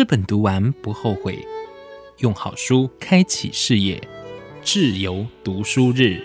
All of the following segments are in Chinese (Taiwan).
這本讀完不後悔，用好書開啟事業，智由讀書日。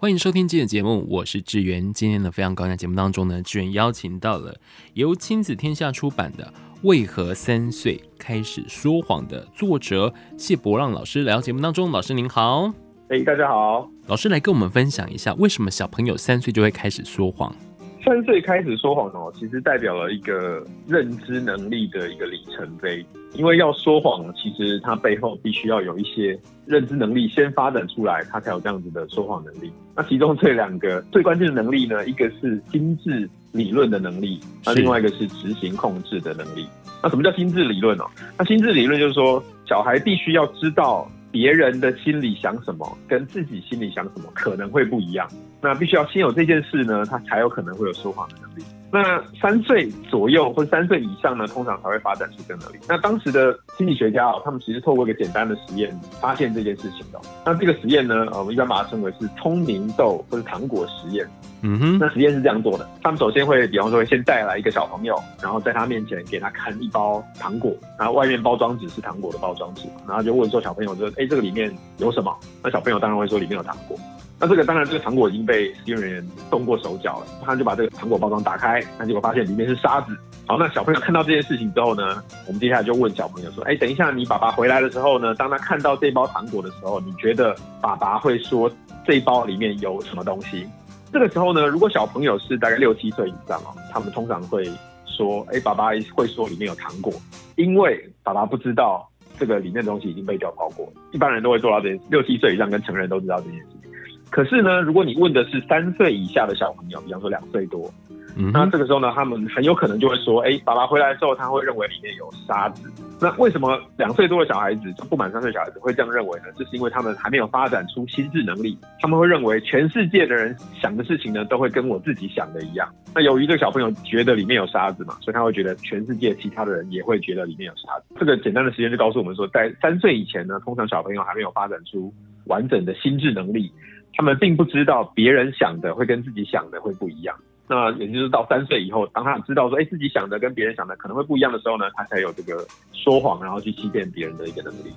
歡迎收聽今天的節目，我是志源，今天的非常高興，節目當中呢，志源邀請到了由親子天下出版的。為何三歲開始說謊的作者謝伯讓老師來到節目當中。老師您好，欸、大家好。老師來跟我們分享一下，為什麼小朋友三歲就會開始說謊？三歲開始說謊其實代表了一個認知能力的一個里程碑。因為要說謊，其實它背後必須要有一些認知能力先發展出來，它才有這樣子的說謊能力。那其中這兩個最關鍵的能力呢，一個是心智。理論的能力，那另外一個是執行控制的能力。是那什麼叫心智理論呢、哦？那心智理論就是說，小孩必須要知道別人的心裡想什麼，跟自己心裡想什麼可能會不一樣。那必須要先有這件事呢，他才有可能會有說謊的能力。那三歲左右或三歲以上呢，通常才會發展出這能力。那當時的心理學家啊、喔，他們其實透過一個簡單的實驗發現這件事情的、喔。那這個實驗呢，呃、我們一般把它稱為是聰明豆或者糖果實驗。嗯哼。那實驗是這樣做的，他們首先會，比方說，先帶來一個小朋友，然後在他面前給他看一包糖果，然後外面包裝紙是糖果的包裝紙，然後就問說小朋友，說，哎、欸，這個裡面有什麼？那小朋友當然會說裡面有糖果。那、啊、這個當然，這個糖果已經被實驗人員動過手腳了。他就把這個糖果包裝打開，那結果發現裡面是沙子。好，那小朋友看到這件事情之後呢，我們接下來就問小朋友說：“哎、欸，等一下你爸爸回來的時候呢，當他看到這包糖果的時候，你覺得爸爸會說這一包裡面有什麼東西？”這個時候呢，如果小朋友是大概六七歲以上哦，他們通常會說：“哎、欸，爸爸會說裡面有糖果，因為爸爸不知道這個裡面的東西已經被掉包過，一般人都會做到這件事，六七歲以上跟成人都知道這件事。”可是呢，如果你問的是三歲以下的小朋友，比方說兩歲多，嗯哼。那這個時候呢，他們很有可能就會說：“誒、欸，爸爸回來的時候，他會認為裡面有沙子。”那為什麼兩歲多的小孩子、就不滿三歲的小孩子會這樣認為呢？這是因為他們還沒有發展出心智能力，他們會認為全世界的人想的事情呢，都會跟我自己想的一樣。那由於這個小朋友覺得裡面有沙子嘛，所以他會覺得全世界其他的人也會覺得裡面有沙子。這個簡單的實驗就告訴我們說，在三歲以前呢，通常小朋友還沒有發展出完整的心智能力。他們並不知道別人想的會跟自己想的會不一樣。那也就是到三歲以後，當他知道說，欸，自己想的跟別人想的可能會不一樣的時候呢，他才有這個說謊然後去欺騙別人的一個能力。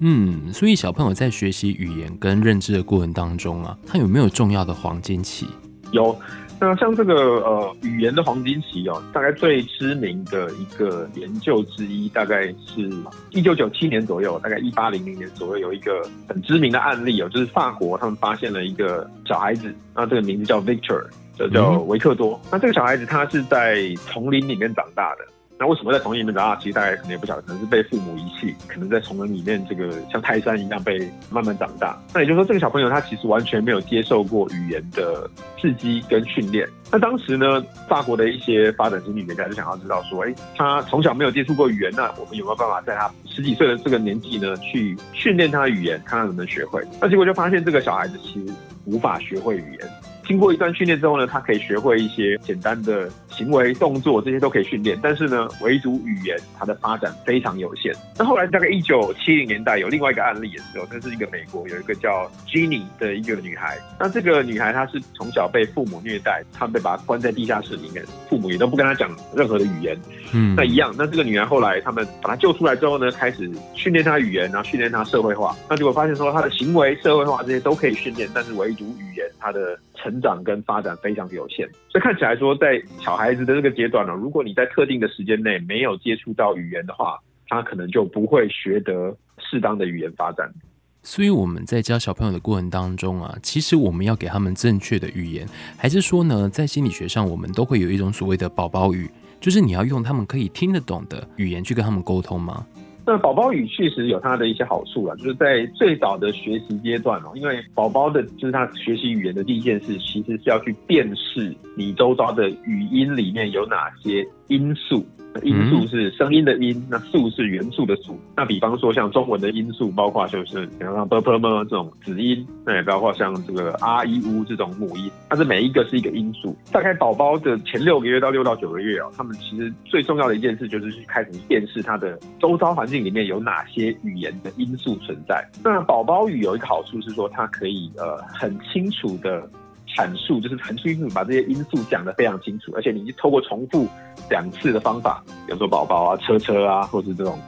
嗯，所以小朋友在學習語言跟認知的過程當中啊，他有沒有重要的黃金期？有。那像這個呃語言的黃金期哦，大概最知名的一個研究之一，大概是一九九七年左右，大概一八零零年左右，有一個很知名的案例哦，就是法國他們發現了一個小孩子，那這個名字叫 Victor，就叫維克多。嗯、那這個小孩子他是在叢林裡面長大的。那為什麼在叢林裡面長大？其實大家可能也不曉得，可能是被父母遺棄，可能在叢林裡面這個像泰山一樣被慢慢長大。那也就是說，這個小朋友他其實完全沒有接受過語言的刺激跟訓練。那當時呢，法國的一些發展心理學家就想要知道說，哎、欸，他從小沒有接觸過語言，那我們有沒有辦法在他十幾歲的這個年紀呢，去訓練他的語言，看他能不能學會？那結果就發現這個小孩子其實無法學會語言。經過一段訓練之後呢，他可以學會一些簡單的。行為動作這些都可以訓練，但是呢，唯獨語言，它的發展非常有限。那後來大概一九七零年代有另外一個案例的時候，那是一個美國有一個叫 Ginny 的一個女孩。那這個女孩她是從小被父母虐待，他們被把她關在地下室裡面，父母也都不跟她講任何的語言。嗯，那一樣。那這個女孩後來他們把她救出來之後呢，開始訓練她語言、啊，然後訓練她社會化。那結果發現說，她的行為社會化這些都可以訓練，但是唯獨語言，她的成長跟發展非常的有限。所以看起來說，在小孩。孩子的這個階段呢，如果你在特定的時間內沒有接觸到語言的話，他可能就不會學得適當的語言發展。所以我們在教小朋友的過程當中啊，其實我們要給他們正確的語言，還是說呢，在心理學上我們都會有一種所謂的寶寶語，就是你要用他們可以聽得懂的語言去跟他們溝通嗎？那寶寶語確實有它的一些好處啦，就是在最早的學習階段哦，因為寶寶的，就是他學習語言的第一件事，其實是要去辨識你周遭的語音裡面有哪些音素。音素是聲音的音，嗯、那素是元素的素。那比方說，像中文的音素，包括就是比方說 p p m 這種子音，那也包括像這個阿一、烏這種母音，它是每一個是一個音素。大概寶寶的前六個月到六到九個月啊、哦，他們其實最重要的一件事就是去開始辨識它的周遭環境裡面有哪些語言的音素存在。那寶寶語有一個好處是說，它可以呃很清楚的闡述，就是很清楚把這些音素講得非常清楚，而且你是透過重複。兩次的方法，比如說寶寶啊、車車啊，或者是這種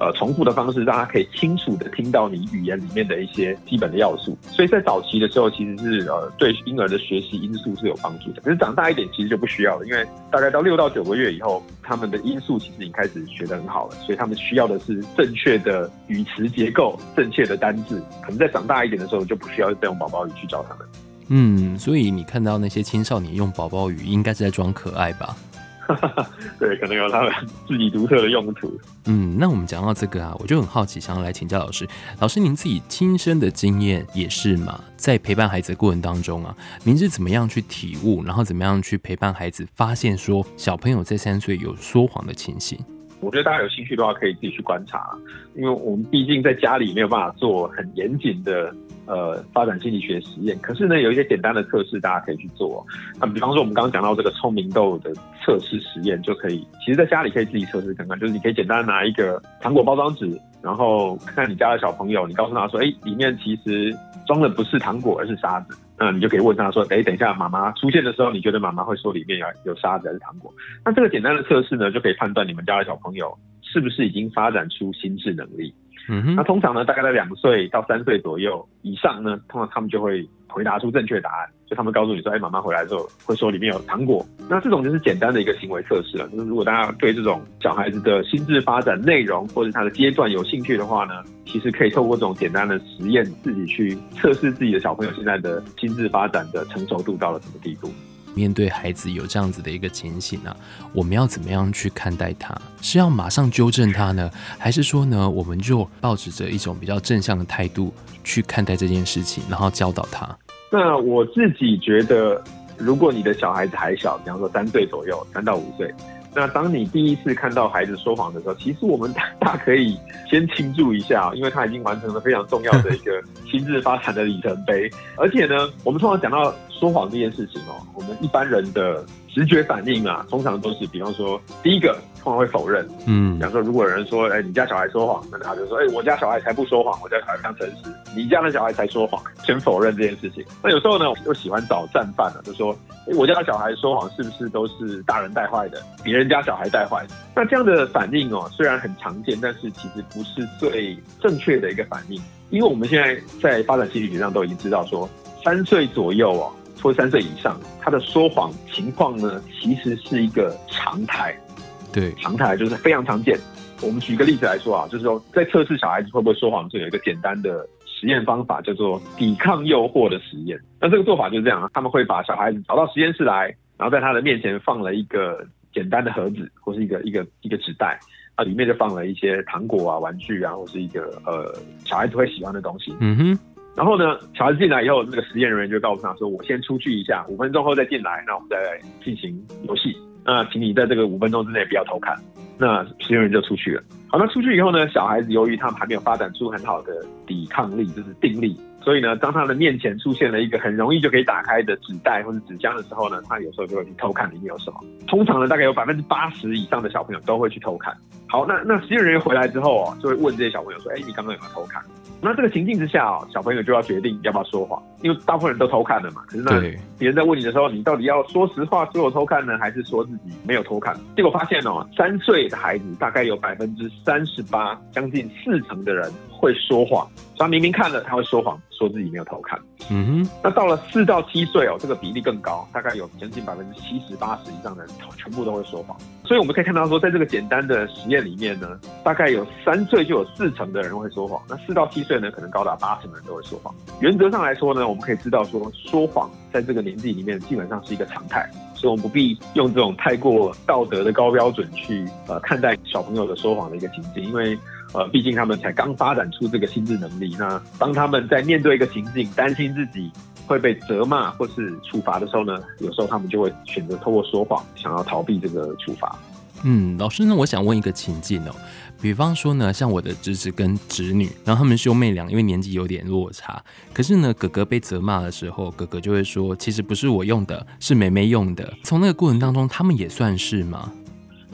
呃重複的方式，讓他可以清楚地聽到你語言裡面的一些基本的要素。所以在早期的時候，其實是呃對嬰兒的學習音素是有幫助的。可是長大一點，其實就不需要了，因為大概到六到九個月以後，他們的音素其實已經開始學得很好了，所以他們需要的是正確的語詞結構、正確的單字。可能在長大一點的時候，就不需要再用寶寶語去找他們。嗯，所以你看到那些青少年用寶寶語，應該是在裝可愛吧？ 對，可能有他們自己獨特的用途。嗯，那我們講到這個啊，我就很好奇，想要來請教老師。老師，您自己親身的經驗也是嗎？在陪伴孩子的過程當中啊，您是怎麼樣去體悟，然後怎麼樣去陪伴孩子，發現說小朋友在三歲有說謊的情形？我覺得大家有興趣的話，可以自己去觀察，因為我們畢竟在家裡沒有辦法做很嚴謹的。呃，發展心理學實驗，可是呢，有一些簡單的測試大家可以去做。那比方說，我們剛剛講到這個聰明豆的測試實驗就可以，其實在家裡可以自己測試看看。就是你可以簡單拿一個糖果包裝紙，然後看你家的小朋友，你告訴他說：“哎，裡面其實裝的不是糖果，而是沙子。”那你就可以問他說：“誒，等一下，媽媽出現的時候，你覺得媽媽會說裡面有有沙子還是糖果？”那這個簡單的測試呢，就可以判斷你們家的小朋友是不是已經發展出心智能力。嗯，那通常呢，大概在兩歲到三歲左右以上呢，通常他們就會回答出正確答案。就他們告訴你說，哎、欸，媽媽回來之後會說裡面有糖果。那這種就是簡單的一個行為測試了。就是如果大家對這種小孩子的心智發展內容，或者是他的階段有興趣的話呢，其實可以透過這種簡單的實驗，自己去測試自己的小朋友現在的心智發展的成熟度到了什麼地步。面對孩子有這樣子的一個情形呢、啊，我們要怎麼樣去看待他？是要馬上糾正他呢，還是說呢，我們就抱持著一種比較正向的態度去看待這件事情，然後教導他？那我自己覺得，如果你的小孩子還小，比方說三歲左右，三到五歲。那當你第一次看到孩子說謊的時候，其實我們大，大可以先慶祝一下，因為他已經完成了非常重要的一個心智發展的里程碑。 而且呢，我們通常講到說謊這件事情哦，我們一般人的。直覺反應啊，通常都是，比方說，第一個通常會否認，嗯，假如說如果有人說，哎、欸，你家小孩說謊，那他就說，哎、欸，我家小孩才不說謊，我家小孩非常誠實，你家的小孩才說謊，先否認這件事情。那有時候呢，我就喜歡找戰犯了、啊，就說、欸，我家小孩說謊是不是都是大人帶壞的，別人家小孩帶壞？那這樣的反應哦，雖然很常見，但是其實不是最正確的一個反應，因為我們現在在發展心理學上都已經知道說，三歲左右哦。所以三歲以上，他的說謊情況呢，其實是一個常態。對，常態就是非常常見。我們舉一個例子來說啊，就是說在測試小孩子會不會說謊，就有一個簡單的實驗方法，叫做抵抗誘惑的實驗。那這個做法就是這樣啊，他們會把小孩子找到實驗室來，然後在他的面前放了一個簡單的盒子，或是一個一個一個紙袋，啊，裡面就放了一些糖果啊、玩具啊，或是一個呃小孩子會喜歡的東西。嗯哼。然後呢，小孩子進來以後，那個實驗人員就告訴他說：“我先出去一下，五分鐘後再進來，那我們再來進行遊戲。那、呃、請你在這個五分鐘之內不要偷看。”那實驗人員就出去了。好，那出去以後呢，小孩子由於他們還沒有發展出很好的抵抗力，就是定力，所以呢，當他的面前出現了一個很容易就可以打開的紙袋或者紙箱的時候呢，他有時候就會去偷看裡面有什麼。通常呢，大概有百分之八十以上的小朋友都會去偷看。好，那那實驗人員回來之後啊、哦，就會問這些小朋友說：“哎、欸，你剛剛有沒有偷看？”那這個情境之下啊，小朋友就要決定要不要說謊。因為大部分人都偷看了嘛，可是呢，別人在問你的時候，對你到底要說實話說我偷看呢，還是說自己沒有偷看？結果發現哦，三歲的孩子大概有百分之三十八，將近四成的人會說謊，所以他明明看了，他會說謊，說自己沒有偷看。嗯哼，那到了四到七歲哦，這個比例更高，大概有將近百分之七十八十以上的人，全部都會說謊。所以我們可以看到說，在這個簡單的實驗裡面呢，大概有三歲就有四成的人會說謊，那四到七歲呢，可能高達八成的人都會說謊。原則上來說呢。我們可以知道說，說說謊在這個年紀裡面基本上是一個常態，所以我們不必用這種太過道德的高標準去呃看待小朋友的說謊的一個情景，因為呃，畢竟他們才剛發展出這個心智能力。那當他們在面對一個情境，擔心自己會被責罵或是處罰的時候呢，有時候他們就會選擇透過說謊，想要逃避這個處罰。嗯，老師呢？我想問一個情境哦、喔，比方說呢，像我的侄子跟侄女，然後他們兄妹倆，因為年紀有點落差，可是呢，哥哥被責罵的時候，哥哥就會說，其實不是我用的，是妹妹用的。從那個過程當中，他們也算是嗎？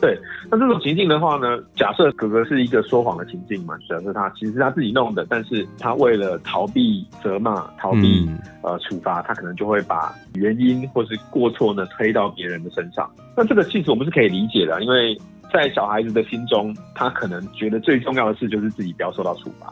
對，那這種情境的話呢，假設哥哥是一個說謊的情境嘛，假設他其實他自己弄的，但是他為了逃避責罵、逃避、嗯、呃處罰，他可能就會把原因或是過錯呢推到別人的身上。那這個其實我們是可以理解的、啊，因為在小孩子的心中，他可能覺得最重要的事就是自己不要受到處罰。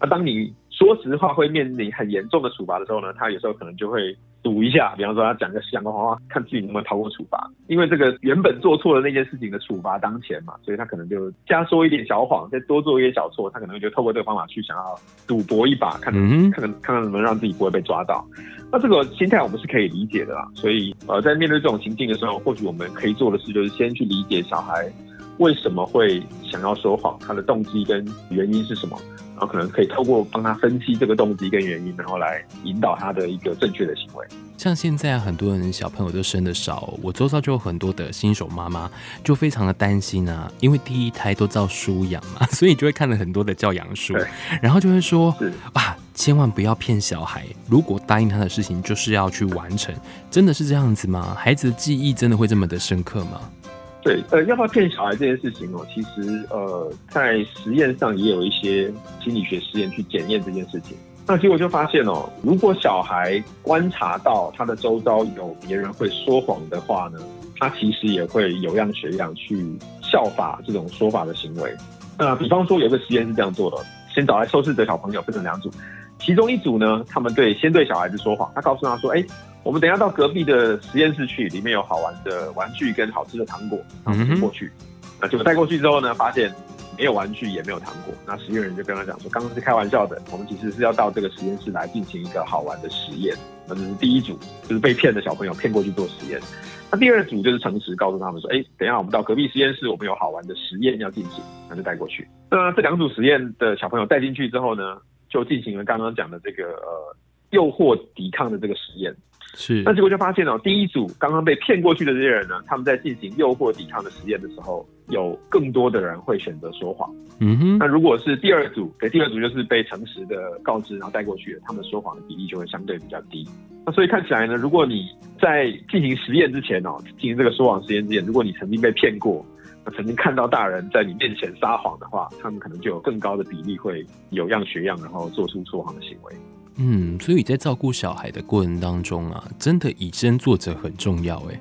那當你說實話會面臨很嚴重的處罰的時候呢，他有時候可能就會賭一下，比方說他講一個謊話，看自己能不能逃過處罰。因為這個原本做錯的那件事情的處罰當前嘛，所以他可能就加說一點小謊，再多做一些小錯，他可能就透過這個方法去想要賭博一把，看看能看看能不能讓自己不會被抓到。那這個心態我們是可以理解的啦。所以呃，在面對這種情境的時候，或許我們可以做的事就是先去理解小孩。為什麼會想要說謊？他的動機跟原因是什麼？然後可能可以透過幫他分析這個動機跟原因，然後來引導他的一個正確的行為。像現在很多人小朋友都生得少，我周遭就有很多的新手媽媽，就非常的擔心啊，因為第一胎都照書養嘛，所以就會看了很多的教養書，對然後就會說，是啊，千萬不要騙小孩，如果答應他的事情，就是要去完成。真的是這樣子嗎？孩子的記憶真的會這麼的深刻嗎？對，呃，要不要騙小孩這件事情哦，其實，呃，在實驗上也有一些心理學實驗去檢驗這件事情。那結果就發現哦，如果小孩觀察到他的周遭有別人會說謊的話呢，他其實也會有樣學樣去效法這種說法的行為。那、呃、比方說，有個實驗是這樣做的：先找來受試者小朋友分成兩組，其中一組呢，他們對先對小孩子說謊，他告訴他說，哎。我們等一下到隔壁的實驗室去，裡面有好玩的玩具跟好吃的糖果，然後就過去。那結果帶過去之後呢，發現沒有玩具也沒有糖果。那實驗人就跟他講說，剛剛是開玩笑的，我們其實是要到這個實驗室來進行一個好玩的實驗。那這是第一組就是被騙的小朋友騙過去做實驗，那第二組就是誠實，告訴他們說，哎，等一下我們到隔壁實驗室，我們有好玩的實驗要進行，那就帶過去。那這兩組實驗的小朋友帶進去之後呢，就進行了剛剛講的這個呃誘惑抵抗的這個實驗。是，那結果就發現哦，第一組剛剛被騙過去的這些人呢，他們在進行誘惑抵抗的實驗的時候，有更多的人會選擇說謊。嗯哼，那如果是第二組，給第二組就是被誠實的告知然後帶過去，他們說謊的比例就會相對比較低。那所以看起來呢，如果你在進行實驗之前哦，進行這個說謊實驗之前，如果你曾經被騙過，曾經看到大人在你面前撒謊的話，他們可能就有更高的比例會有樣學樣，然後做出說謊的行為。嗯，所以在照顧小孩的過程當中啊，真的以身作則很重要哎，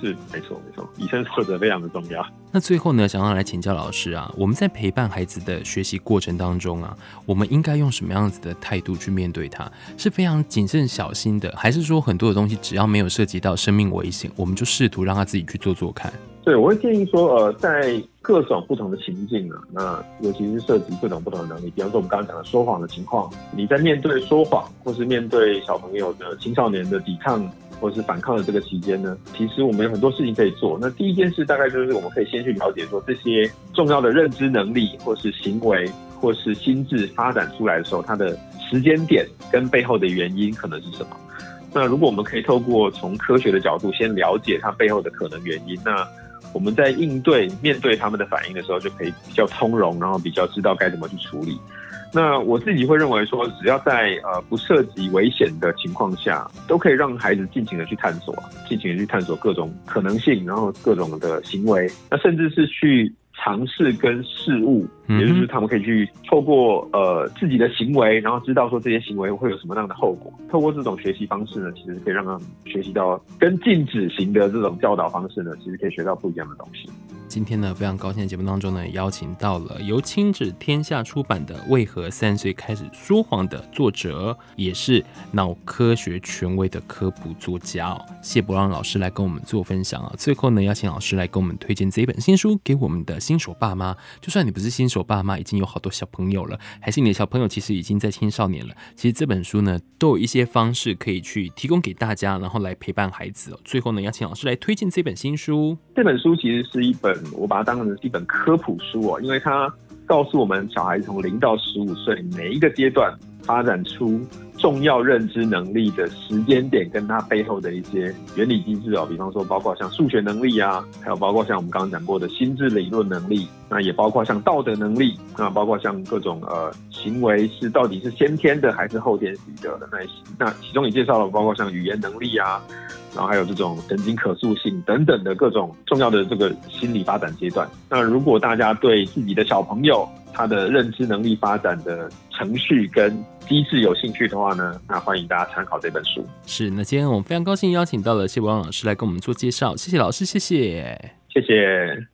是沒錯沒錯，以身作則非常的重要。那最後呢，想要來請教老師啊，我們在陪伴孩子的學習過程當中啊，我們應該用什麼樣子的態度去面對他？是非常謹慎小心的，還是說很多的東西只要沒有涉及到生命危險，我們就試圖讓他自己去做做看？對，我會建議說，呃，在各種不同的情境啊，那尤其是涉及各種不同的能力，比方說我們剛剛講的說謊的情況，你在面對說謊或是面對小朋友的青少年的抵抗或是反抗的這個期間呢，其實我們有很多事情可以做。那第一件事大概就是我們可以先去了解說這些重要的認知能力或是行為或是心智發展出來的時候，它的時間點跟背後的原因可能是什麼。那如果我們可以透過從科學的角度先了解它背後的可能原因，那我們在應對面對他們的反應的時候，就可以比較通融，然後比較知道該怎麼去處理。那我自己會認為說，只要在呃不涉及危險的情況下，都可以讓孩子盡情的去探索，盡情的去探索各種可能性，然後各種的行為，那甚至是去。嘗試跟事物，也就是他們可以去透過呃自己的行為，然後知道說這些行為會有什麼樣的後果。透過這種學習方式呢，其實可以讓他們學習到跟禁止型的這種教導方式呢，其實可以學到不一樣的東西。今天呢，非常高興，的節目當中呢邀請到了由親子天下出版的《為何三歲開始說謊》的作者，也是腦科學權威的科普作家哦，謝伯讓老師來跟我們做分享啊、哦。最後呢，邀請老師來跟我們推薦這一本新書給我們的新手爸媽。就算你不是新手爸媽，已經有好多小朋友了，還是你的小朋友其實已經在青少年了，其實這本書呢都有一些方式可以去提供給大家，然後來陪伴孩子。哦。最後呢，邀請老師來推薦這本新書。這本書其實是一本。我把它當成是一本科普書哦，因為它告訴我們小孩從零到十五歲每一個階段。發展出重要認知能力的時間點，跟它背後的一些原理機制哦，比方說包括像數學能力啊，還有包括像我們剛剛講過的心智理論能力，那也包括像道德能力，那包括像各種呃行為是到底是先天的還是後天習得的，的那些，那其中也介紹了包括像語言能力啊，然後還有這種神經可塑性等等的各種重要的這個心理發展階段。那如果大家對自己的小朋友，他的認知能力發展的程序跟機制有興趣的話呢，那歡迎大家參考這本書。是，那今天我們非常高興邀請到了謝伯讓老師來跟我們做介紹。謝謝老師，謝謝，謝謝。